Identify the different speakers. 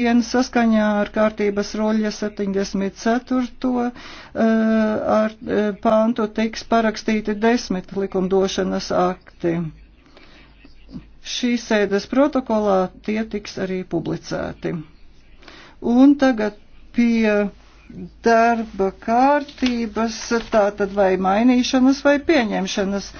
Speaker 1: Diena saskaņā ar kārtības roļa 74. Eh, ar eh, pāntu tiks parakstīti desmit likumdošanas akti. Šīs sēdes protokolā tie tiks arī publicēti. Un tagad pie darba kārtības, tātad vai mainīšanas vai pieņemšanas.